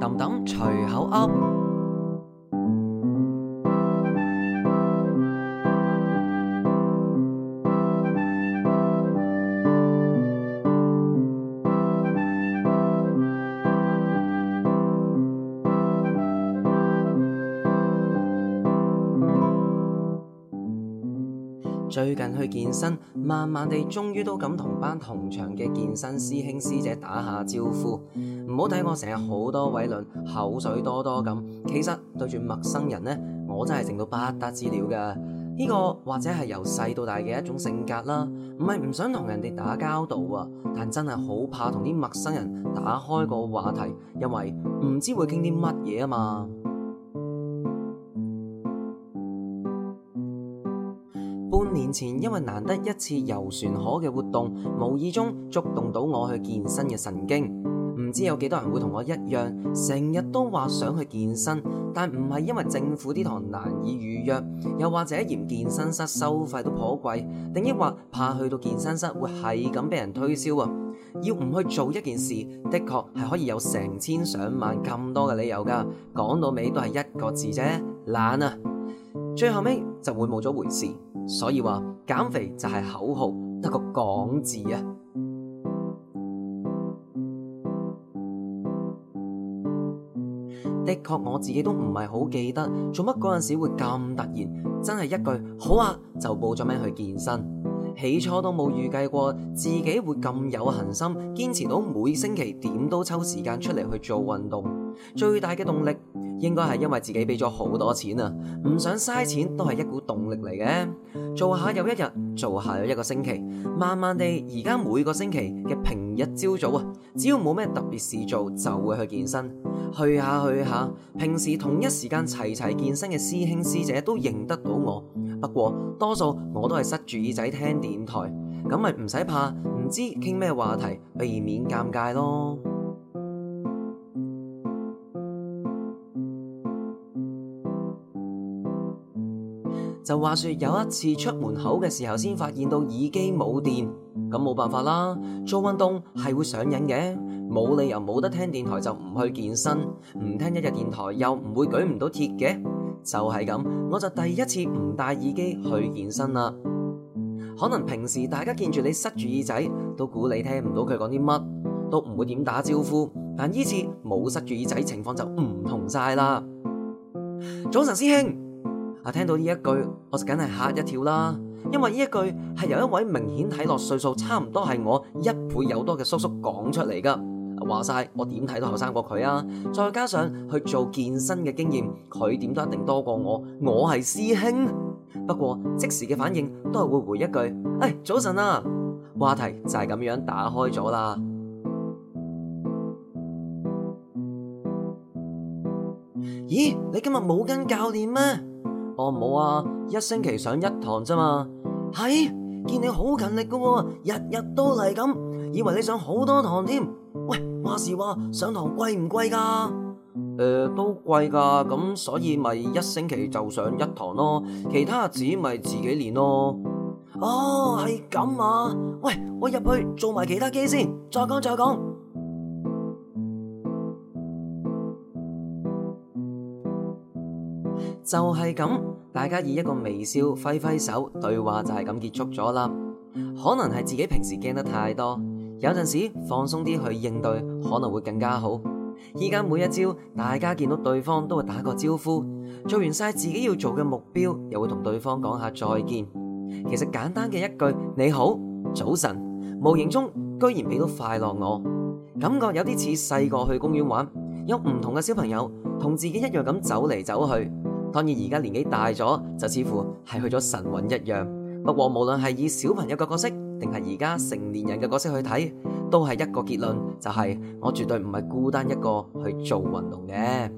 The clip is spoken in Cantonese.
等等隨口噏。最近去健身，慢慢地終於都敢同班同場嘅健身師兄師姐打下招呼。唔好睇我成日好多偉論、口水多多咁，其實對住陌生人呢，我真係剩到不得之了噶。呢、這個或者係由細到大嘅一種性格啦，唔係唔想同人哋打交道啊，但真係好怕同啲陌生人打開個話題，因為唔知會傾啲乜嘢嘛。半年前，因為難得一次遊船河嘅活動，無意中觸動到我去健身嘅神經。唔知有幾多人會同我一樣，成日都話想去健身，但唔係因為政府啲堂難以預約，又或者嫌健身室收費都頗貴，定抑或怕去到健身室會係咁畀人推銷啊？要唔去做一件事，的確係可以有成千上萬咁多嘅理由㗎。講到尾都係一個字啫，懶啊！最後尾。就會冇咗回事，所以話減肥就係口號，得個講字啊！的確，我自己都唔係好記得做乜嗰陣時會咁突然，真係一句好啊就報咗名去健身。起初都冇預計過自己會咁有恒心，堅持到每星期點都抽時間出嚟去做運動，最大嘅動力。應該係因為自己俾咗好多錢啊，唔想嘥錢都係一股動力嚟嘅。做下又一日，做下又一個星期，慢慢地而家每個星期嘅平日朝早啊，只要冇咩特別事做，就會去健身。去下去下，平時同一時間齊齊健身嘅師兄師姐都認得到我。不過多數我都係塞住耳仔聽電台，咁咪唔使怕，唔知傾咩話題，避免尷尬咯。就話說有一次出門口嘅時候，先發現到耳機冇電，咁冇辦法啦。做運動係會上癮嘅，冇理由冇得聽電台就唔去健身，唔聽一日電台又唔會舉唔到鐵嘅。就係咁，我就第一次唔戴耳機去健身啦。可能平時大家見住你塞住耳仔，都估你聽唔到佢講啲乜，都唔會點打招呼。但依次冇塞住耳仔，情況就唔同晒啦。早晨，師兄。啊！聽到呢一句，我就梗係嚇一跳啦，因為呢一句係由一位明顯睇落歲數差唔多係我一倍有多嘅叔叔講出嚟㗎。話晒，我點睇都後生過佢啊！再加上去做健身嘅經驗，佢點都一定多過我。我係師兄，不過即時嘅反應都係會回一句：哎，早晨啊！話題就係咁樣打開咗啦。咦？你今日冇跟教練咩？.我冇、哦、啊，一星期上一堂啫嘛。係，見你好勤力噶、哦，日日都嚟咁，以為你上好多堂添。喂，話時話上堂貴唔貴噶？誒、呃，都貴噶，咁所以咪一星期就上一堂咯，其他日子咪自己練咯。哦，係咁啊。喂，我入去做埋其他機先，再講，再講。就係咁，大家以一個微笑揮揮手，對話就係咁結束咗啦。可能係自己平時驚得太多，有陣時放鬆啲去應對可能會更加好。依家每一朝，大家見到對方都會打個招呼，做完晒自己要做嘅目標，又會同對方講下再見。其實簡單嘅一句你好，早晨，無形中居然俾到快樂我，感覺有啲似細個去公園玩，有唔同嘅小朋友同自己一樣咁走嚟走去。當然而家年紀大咗，就似乎係去咗晨運一樣。不過無論係以小朋友嘅角色，定係而家成年人嘅角色去睇，都係一個結論，就係、是、我絕對唔係孤單一個去做運動嘅。